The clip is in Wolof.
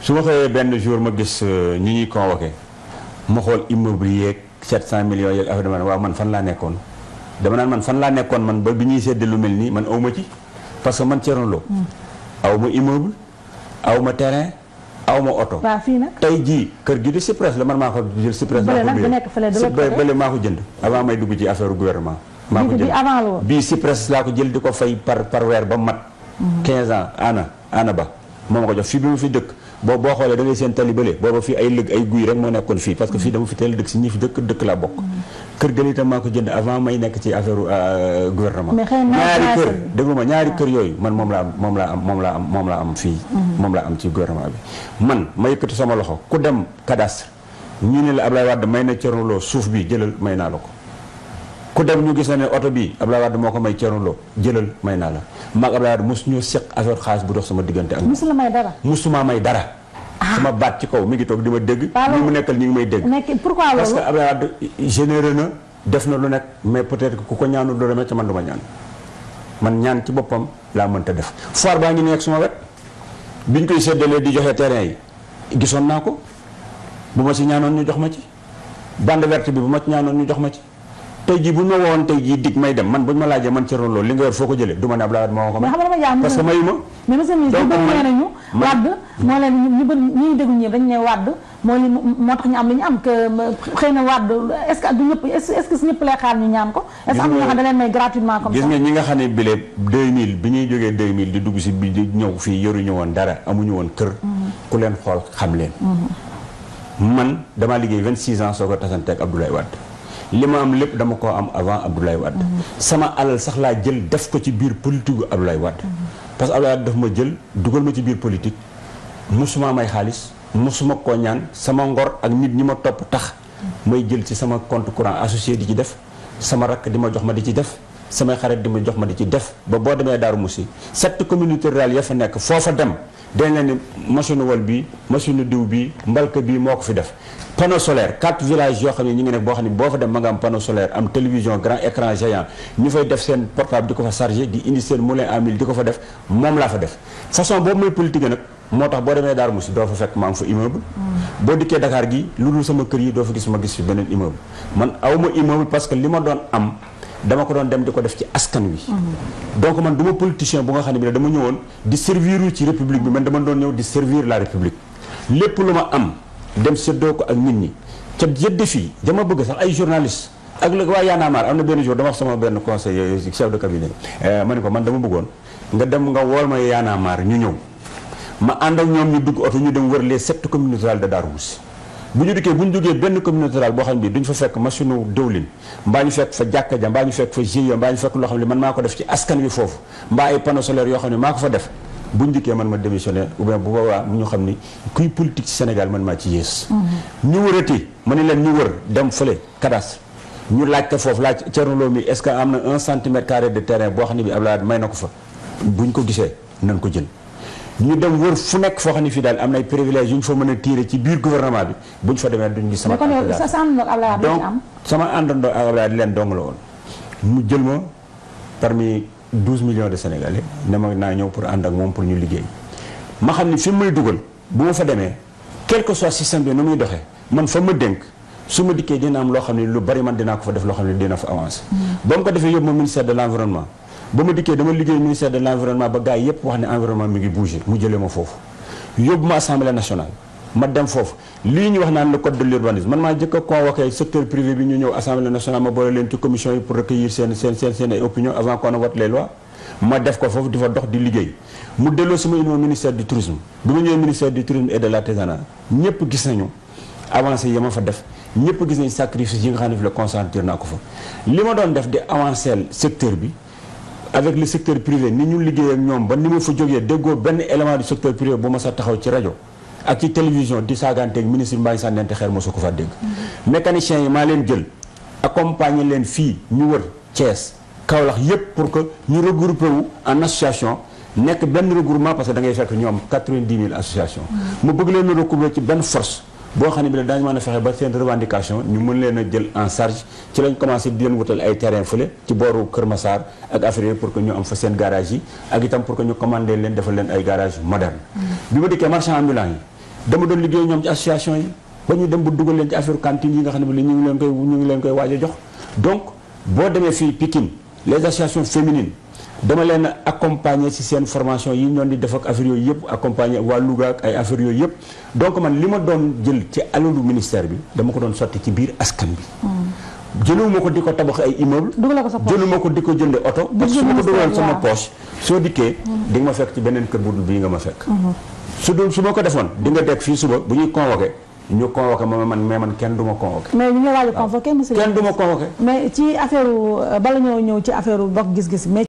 su ma xëyee benn jour ma gis euh, ñu ñuy convoqué ma xool immeuble yeeg 700 millions yeeg affaire man waaw man fan laa nekkoon dama naan man fan laa nekkoon man ba bi ñuy séddee lu mel nii man aw ma ci parce que man Thierno Lo hmm. aw ma immeuble aw ma terrain aw ma oto. waaw fii jii kër gi di Cyprès la man maa ko jënd avant may dugg ci affaire gouvernement. maa ko jël avant loolu bii laa ko jël di ko fay par par weer ba mat. 15 hmm. ans ana ana ba moo ma ko jox fii bi mu fi dëkk. boobu boo xoolee da ngay seen tali bële booba fii ay lëg ay guy rek moo nekkoon fii parce que fii dama fi teel dëkk si ñi fi dëkk dëkk laa bokk kër gën itam maa ko jënd avant may nekk ci affaire euh, gouvernement ñaari kër déglu ma ñaari kër yooyu man moom laa am moom laa am moom laa am moom laa am fii mhm. moom laa am ci gouvernement bi man ma yëkkati sama loxo ku dem cadastre ñu ne la Ablaye Wade may na Thierno loo suuf bi jëlal may naa la ko ku dem ñu gis na ne oto bi Abdoulaye Wade moo ko may Thierno Lo jëlal may naa la maag Abdoulaye Wade mosu ñu seq affaire xaalis bu dox sama diggante ak mosu la may dara Ah. sama baat ci kaw mi ngi toog di ma dégg. ñi mu nekkal ñi ngi may dégg. pourquoi loolu parce que Abdoulaye Wade na def na lu nekk mais peut-être que ku ko ñaanul doo demee ca man du ma ñaan man ñaan ci boppam laa mënta def foire baa ngi nekk suma wet biñ koy séddalee di joxe terrain yi gisoon naa ko bu ma si ñaanoon ñu jox ma ci bande verte bi bu ma ci ñaanoon ñu jox ma ci. tey jii bu ma waxoon tey jii dig may dem man buñ ma laajee man ci loolu li nga yor foo ko jëlee du ma ne Abdoulaye Wade moo ko may am li am que xëy na Wade est ce que du ñëpp est ce que si ñëpp lay ko na xam ne da leen may gratuitement comme ça gis nga di dugg si bi di ñëw fii yoruñu woon dara amuñu woon mm-hmm. ku leen xool xam leen mm-hmm. man damaa liggéey 26 ans soo ko tasanteeg Abdoulaye Wade li ma am lépp dama koo am avant Abdoulaye Wade sama alal sax laa jël def ko ci biir politique gu Abdoulaye Wade parce que Abdoulaye daf ma jël dugal ma ci biir politique musuma may xaalis mosuma koo ñaan sama ngor ak nit ñi ma topp tax may jël ci sama compte courant associé di ci def sama rakk di ma jox ma di ci def samay xarit di ma jox ma di ci def ba boo demee Daaru Musi sept communauté rurale ya fa nekk foofa dem dañ leen machine wol bi machine diw bi mbalka bii moo ko fi def panneau solaire quatre villages yoo xam ne ñu ngi nekk boo xam ne boo fa dem ma nga am panneau solaire am télévision grand écran géant ñu fay def seen portable di ko fa chargé di indi seen moulin à di ko fa def moom laa fa def façon boobu mooy politique nag moo tax boo demee dama ko doon dem di ko def ci askan wi. donc man du ma politicien bu nga xam ne bi dama ñëwoon di servir ci république bi man dama doon ñëw di servir la république lépp lu ma am dem séddoo ko ak nit ñi ca yëdde fii dama bëgg sax ay journaliste ak léegi waa Yann Amar am na benn jour dama wax sama benn conseiller chef de cabinet euh, ma ne ko man dama bëggoon nga dem nga wool ma Yann ñu ñëw ma ànd ak ñoom ñu dugg oto ñu dem wër les sept communes rurales de bu ñu dikkee bu ñu duggee benn communauté rurale boo xam ne bii duñ fa fekk machine u dëwlin mbaa ñu fekk fa jàkka ja mbaa ñu fekk loo xam ne man maa ko def ci askan wi foofu mbaa ay panneaux solaires yoo xam ne maa ko fa def bu ñu dikkee man ma démissionné ou bien bu boobaa ñu xam ni kuy politique ci Sénégal man maa ci yées mm-hmm. ñu wërati ma ne leen ñu wër dem fële cadastre ñu laajte foofu laaj Thierno mi est-ce que am na un centimètre carré de terrain bo xam ne bi Abdoulaye may na ko ñu dem wër fu nekk foo xam ne fii daal am na ay privilèges yu ñu fa mën a tiire ci biir gouvernement bi bu ñu fa demee duñ gis sama donc sama àndandoo ak Abdoulaye di leen dong la woon mu jël ma parmi 12 millions de sénégalais ne ma naa ñëw pour ànd ak moom pour ñu liggéey ma xam ni fi muy dugal bu ma fa demee quel que soit système bi nu muy doxee man fa ma dénk su ma dikkee dina am loo xam ne lu bari man dinaa ko fa def loo xam ne dina ba ma dikkee dama liggéey ministère de l' environnement ba gars yi yëpp wax ne environnement mi ngi bougé mu jëlee ma foofu yóbbu ma assemblée nationale ma dem foofu lii ñu wax naan le code de l' urbanisme man maa njëkk a convoqué secteur privé bi ñu ñëw assemblée nationale ma boole leen ci commission yi pour recueillir seen seen seen seen ay opinion avant qu'on ne vote les ma def ko foofu di fa dox di liggéey mu delloo suma ma ñëwee ministère du tourisme et ñëpp gis nañu avancé yi ma yi nga xam ne fi la concentré naa ko fa li ma doon bi avec le secteur privé ni ñu liggéey ak ñoom ba ni ma fa jógee déggoo benn élément du secteur privé bu ma sa taxaw ci rajo ak ci télévision di saagaanteeg ministre bi maa ngi sànnante xeer mosu ko fa dégg. mécaniciens yi maa leen jël accompagner leen fii ñu wër Thiès Kaolack yépp pour que ñu regrouper wu en association. nekk benn regroupement parce que da ngay fekk ñoom quatre-vingt-dix mille association mm-hmm. mu bëgg leen a ci benn force boo xam ne bi ne daañu mën a fexe ba seen revendication ñu mën leen a jël en charge ci lañ commencé di leen wutal ay terrain fële ci booru Kër Massar ak affaire pour que ñu am fa seen garage yi ak itam pour que ñu commandé leen defal leen ay garage moderne mm-hmm. bi ma dikkee marchand ambulant dama doon liggéey ñoom ci association yi ba ñu dem bu dugal leen ci affaire yi nga xam ne bi ñu leen koy ñu jox donc boo demee fii Pikine les associations dama leen accompagner ci seen formation yi ñoon di def ak yooyu yëpp accompagner waa Louga ay affaire yooyu yëpp donc man li ma doon jël ci alalu ministère bi dama ko doon sotti ci biir askan bi hmm. jëluma ko di ko tabax ay immeuble jëluma ko di ko jënde oto parce que su ma ko dugaloon sama poche soo dikkee hmm. di nga ma fekk ci beneen kër bu dul bii nga ma fekk hmm. su dul su ko defoon di nga dekk fii suba bu ñuy convoqué ñu convoqué ma man mais man kenn du ma mais ñu ah. ngi a